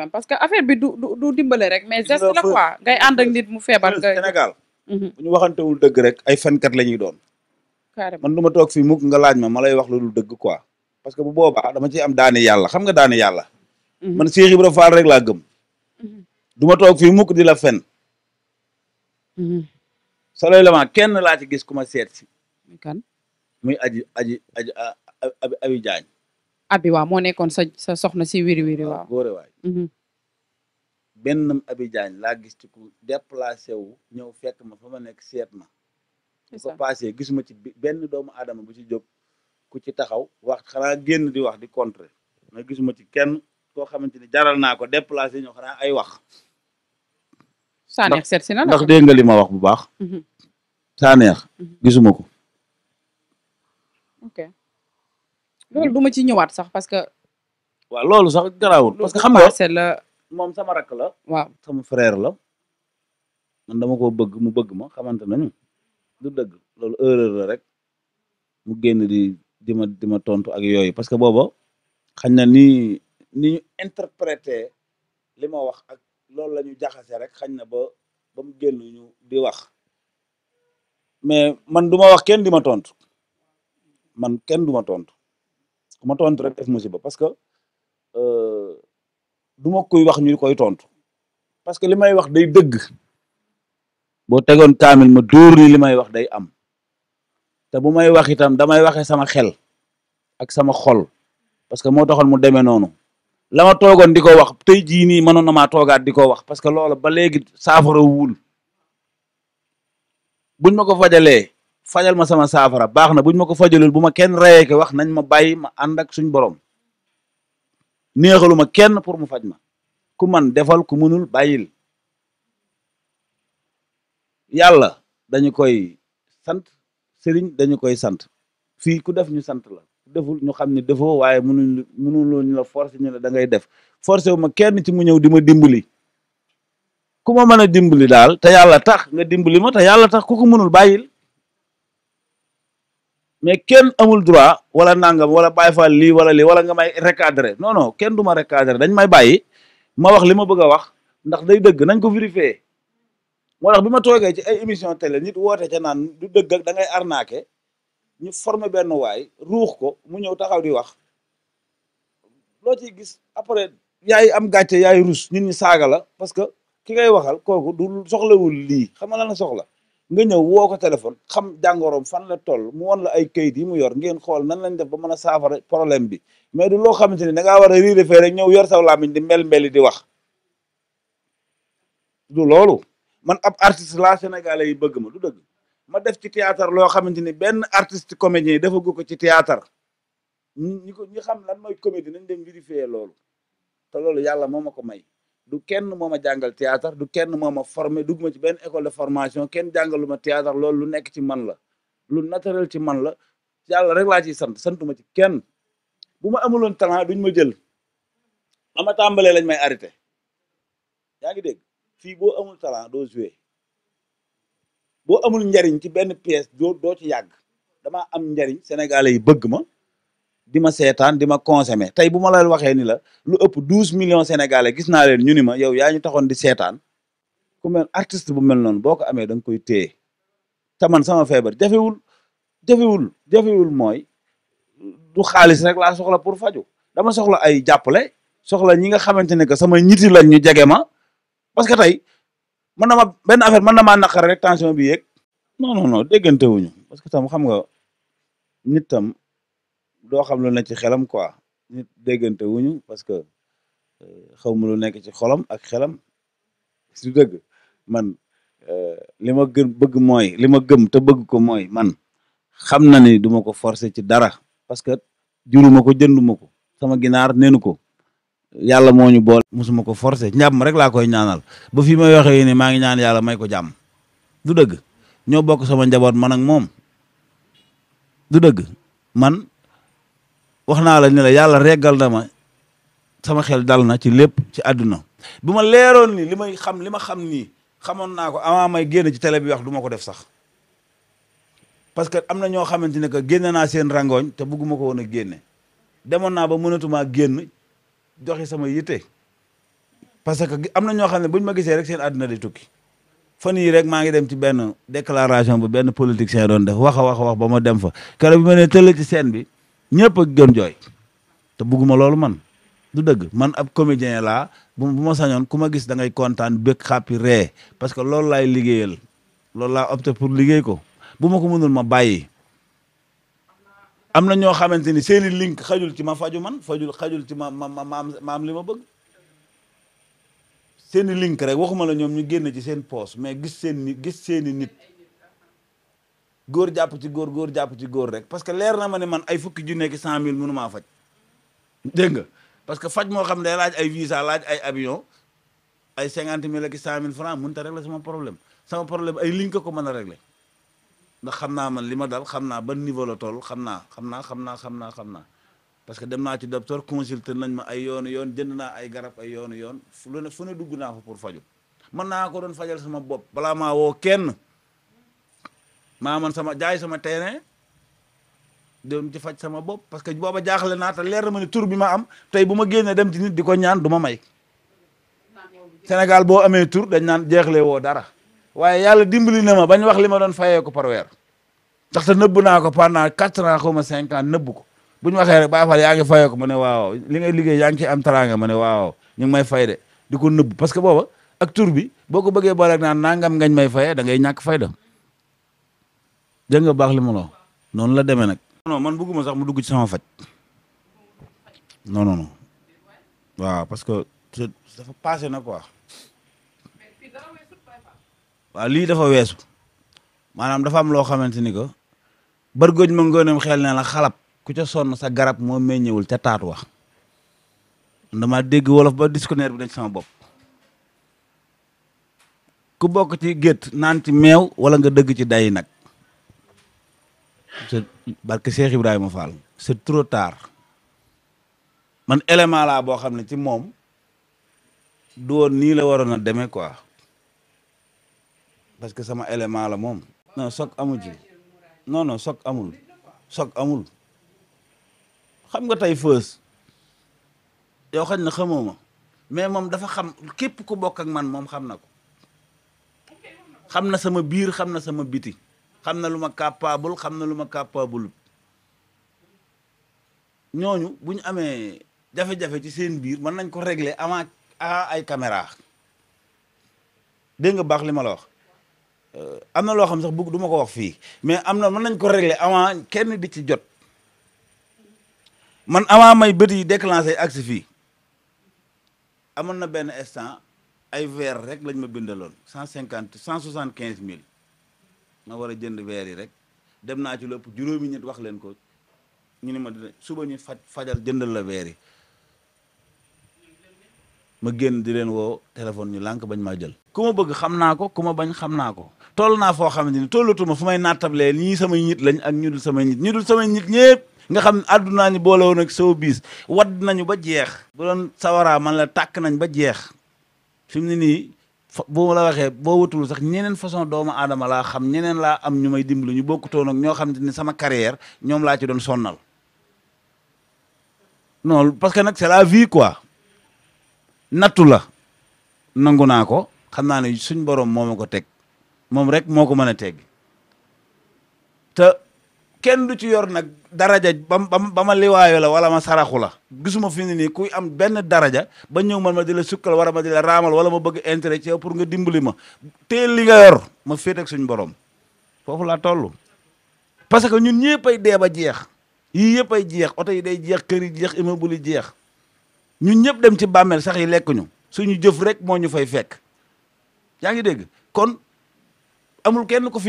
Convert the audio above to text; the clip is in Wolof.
même parce que affaire bi du du dimbale rek mais geste la quoi ngay ànd ak nit mu feebar nga Sénégal mhm. bu ñu waxantewul dëgg rek ay fenkat la ñuy doon carrément man du ma toog fii mukk nga laaj ma ma lay wax lu dul dëgg quoi parce que bu boobaa dama ciy am daani yàlla xam nga daani yàlla mhm. man Cheikh Ibra Fall rek laa gëm mhm. du ma toog fi mukk di la fen soloy la ma kenn laa ci gis ku seet si muy aj aj aji abi abi abi waaw moo nekkoon sa sa soxna si wiri wiri waaw góore waay mhm. benn abi jaañ laa gis ku déplacé wu ñëw fekk ma fa ma nekk seet ma bu ko passé ci benn doomu aadama bu ci jóg ku ci taxaw wax xanaa génn di wax di contre mais gisuma ci kenn koo xamante ni jaral naa ko déplacé ñëw xanaa ay wax Saneex seet si na ndax dégg nga wax bu baax mhm. Saneex mhm. gisuma ko loolu du ma ci ñëwaat sax parce que. waaw loolu sax garaawul. parce que xam nga la moom sama rakk la. waaw sama frère la. man dama ko bëgg mu bëgg ma xamante nañu du dëgg loolu erreur la rek mu génn di di ma di ma tontu ak yooyu parce que booba xañ na ni ni ñu interprété li ma wax ak loolu la ñu jaxase rek xañ na ba ba mu génn ñu di wax mais man duma wax kenn di ma tontu man kenn du ma tontu. ku ma tontu rek def musiba parce que euh, du ma koy wax ñu koy tontu parce que li may wax day dëgg boo tegoon kaamil ma dóor ni li may wax day am te bu may wax itam damay waxe sama xel ak sama xol parce que moo taxoon mu demee noonu la ma toogoon di ko wax tey jii nii mënoon na maa toogaat di ko wax parce que loola ba léegi saafara wul buñ ma ko fajalee fajal ma sama saafara baax na buñ ma ko fajalul bu ma kenn rayee ko wax nañ ma bàyyi ma ànd ak suñ borom neexaluma kenn pour mu faj ma ku man defal ku mënul bàyyil yàlla dañu koy sant sëriñ dañu koy sant si ku def ñu sant la deful ñu xam ne defoo waaye mënuñ mënuloo ñu la forcé ñu la da ngay def forcé wu ma kenn ci mu ñëw di ma dimbali ku ma mën a dimbali daal te yàlla tax nga dimbali ma te yàlla tax ku ko mënul bàyyil mais kenn amul droit wala nangam wala bàyyi fa lii wala lii wala nga may recadrer non non kenn du ma recadrer dañ may bàyyi ma wax li ma bëgg a wax ndax day dëgg nañ ko vérifier moo tax bi ma toogee ci ay émission tele nit woote ca naan du dëgg ak da ngay arnaqué ñu former benn waay ruux ko mu ñëw taxaw di wax loo ciy gis après yaay am gàcce yaay rus nit ñi saaga la parce que ki ngay waxal kooku du soxlawul lii xam nga lan la soxla nga ñëw woo ko téléphone xam jàngoroom fan la tool mu won la ay kayit yi mu yor ngeen xool nan lañ def ba mën a saafara problème bi mais du loo xamante ni da war a riir fee rek ñëw yor saw làmmiñ di mbel mbeli di wax du loolu man ab artiste la sénégalais yi bëgg ma du dëgg ma def ci théâtre loo xamante ni benn artiste comédien dafa gu ko ci théâtre ñi ko ñi xam lan mooy comédie nañ dem vérifier loolu te loolu yàlla moom ma ko may du kenn moo ma jàngal théâtre du kenn moo ma formé dugguma ci benn école de formation kenn ma théâtre loolu lu nekk ci man la lu naturel ci man la yàlla rek laa ciy sant santuma ci kenn bu ma amuloon talent duñ ma jël ba ma tàmbalee lañ may arrêté yaa ngi dégg fii boo amul talent doo joué boo amul njariñ ci benn pièce doo doo ci yàgg damaa am njariñ sénégalais yi bëgg ma di ma seetaan di ma consommer tey bu ma la waxee ni la lu ëpp douze millions sénégalais gis naa leen ñu ni yow yaa ñu taxoon di seetaan ku mel artiste bu mel noonu boo ko amee danga koy téye te man sama feebar jafewul jafewul jafewul mooy du xaalis rek laa soxla pour faju dama soxla ay jàppale soxla ñi nga xamante ne que sama ñiti lañ ñu jege ma parce que tey mën na ma benn affaire mën na maa naqar rek tension bi yéeg non non non déggante wuñu parce que tam xam nga nit doo xam lu ne ci xelam quoi nit déggante wuñu parce que euh, xaw ma lu nekk ci xolam ak xelam su dëgg man euh, li ma gën bëgg mooy li ma gëm te bëgg ko mooy man xam na ni duma ko forcer ci dara parce que juruma ko jënduma ko sama ginaar nenu ko yàlla moo ñu boole mosuma ko forcer njàmm rek laa koy ñaanal ba fi may waxee ni maa ngi ñaan yàlla may ko jàmm du dëgg ñoo bokk sama njaboot man ak moom du dëgg man wax naa la ne la yàlla reggal na ma sama xel dal na ci lépp ci àdduna bu ma leeroon ni li may xam li ma xam nii xamoon naa ko avant may génn ci télé bi wax du ma ko def sax parce que am na ñoo xamante ne que génne naa seen rangooñ te bugguma ko woon a génne demoon naa ba mënatumaa génn doxi sama yitte parce que am na ñoo xam ne buñ ma gisee rek seen àdduna di tukki fan yii rek maa ngi dem ci benn déclaration bu benn politicien doon def waxa a wax a ba ma dem fa keroog bi ma ne tëll ci scène bi ñëpp a gën jooy te bugguma loolu man du dëgg man ab comédien laa bu ma sañoon ku ma gis da ngay kontaan bëgg xàppi ree parce que loolu laay liggéeyal loolu laa opté pour liggéey ko bu ma ko mënul ma bàyyi am na ñoo xamante ni seeni link xajul ci ma faju man fajul xajul ci ma ma ma ma am li ma bëgg seeni link rek waxuma la ñoom ñu génn ci seen poos mais gis seen gis seeni nit góor jàpp ci góor góor jàpp ci góor rek parce que leer na ma ne man ay fukki junne ki cent mille mënu maa faj dégg nga parce que faj moo xam ne day laaj ay visa laaj ay avion ay cinquante mille ak cent mille franc mënut a régler sama problème sama problème ay liñ ko ko mën a régler ndax xam naa man li ma dal xam naa ban niveau la tool xam naa xam naa xam naa xam naa xam naa parce que dem naa ci docteur consulté nañ ma ay yoon yoon jënd naa ay garab ay yoon yoon fu ne fu dugg naa fa pour faju mën naa ko sama bopp balaa maa woo maa man sama jaay sama terrain doon ci faj sama bopp parce que booba jaaxle naa te leer na ma ne tur bi ma am tey bu ma génnee dem ci ni di ko ñaan du ma may Sénégal boo amee tur dañ naan jeexle woo dara waaye yàlla dimbali na ma bañ wax li ma doon fayee ko par weer ndax te nëbb naa ko pendant quatre ans xaw ma cinq ans ko bu ñu waxee rek Baay Faal fayee ko ma ne waaw li ngay liggéey yaa ngi ciy am taraanga ma ne waaw ñu may fay di ko nëbb parce que booba ak tur bi boo ko bëggee boole naan nangam ngañ may fayee da ñàkk fayda dégg baax li ma la noonu la demee nag. man bëgguma sax mu dugg ci sama faj non non non waaw parce que dafa passé na ko waaw lii dafa weesu maanaam dafa am loo xamante ni ko bargoñ ma ngooneem xeel ne la xalab ku ca sonn sa garab moo meññewul ca taatu wax dama dégg wolof ba dictionnaire bi dañ sama bopp ku bokk ci gétt naan ci meew wala nga dëgg ci day nag. c'est barke Cheikh Ibrahima Fall c'est trop tard man élément laa boo xam ne ci moom du woon nii la waroon a demee quoi parce que sama élément la moom non soog amu ci non soog amul soog amul xam nga tey fës yow xañ na xamoo ma mais moom dafa xam képp ku bokk ak man moom xam na ko xam na sama biir xam na sama biti xam na lu ma capable xam na lu ma capable ñooñu bu amee jafe-jafe ci seen biir mën nañ ko régler avant ay caméra dégg nga baax li ma la wax euh, am na loo xam sax bugg du ma ko wax fii mais am na mën nañ ko régler avant kenn di ci jot man avant may bët yi déclenché ak si fii amoon na benn instant ay verre rek lañ ma bindaloon cent cinquante cent soixante quinze mille na war a jënd weer yi rek dem naa ci lépp juróomi nit wax leen ko ñu ne ma dina suba ñu fajar fajal jëndal la weer yi ma génn di leen woo téléphone ñu lank bañ ma jël. ku ma bëgg xam naa ko ku ma bañ xam naa ko. toll naa foo xamante ni tollatuma fu may naattablee ñii samay nit lañ ak ñu dul samay nit ñu dul samay nit ñëpp nga xam ne àddunaa ñu boole woon sew sow wad wadd nañu ba jeex. bu doon sawaraa man la tàkk nañ ba jeex fi mu ne boo ma la waxee boo watul sax ñeneen façon doomu aadama laa xam ñeneen laa am ñu may dimbali ñu bokkutoon ak ñoo xam ne sama carrière ñoom laa ci doon sonnal non parce que nag c'est la vie quoi nattu la nangu naa ko xam naa ne suñ boroom moo ma ko teg moom rek moo ko mën a teg te kenn du ci yor nag daraja ba ma ba ma liwaayo la wala ma saraxu la gisuma fi ne nii kuy am benn daraja ba ñëw man ma di la sukkal wala ma di la raamal wala ma bëgg intérêt ci pour nga dimbali ma teel li nga yor ma féet ak suñ borom foofu laa toll. parce que ñun ñëpp ay dee ba jeex yii yëpp ay jeex oto yi day jeex kër yi jeex immeuble yi jeex ñun ñëpp dem ci bàmmeel sax yi lekkuñu suñu jëf rek moo ñu fay fekk yaa ngi dégg kon amul kenn ko fi.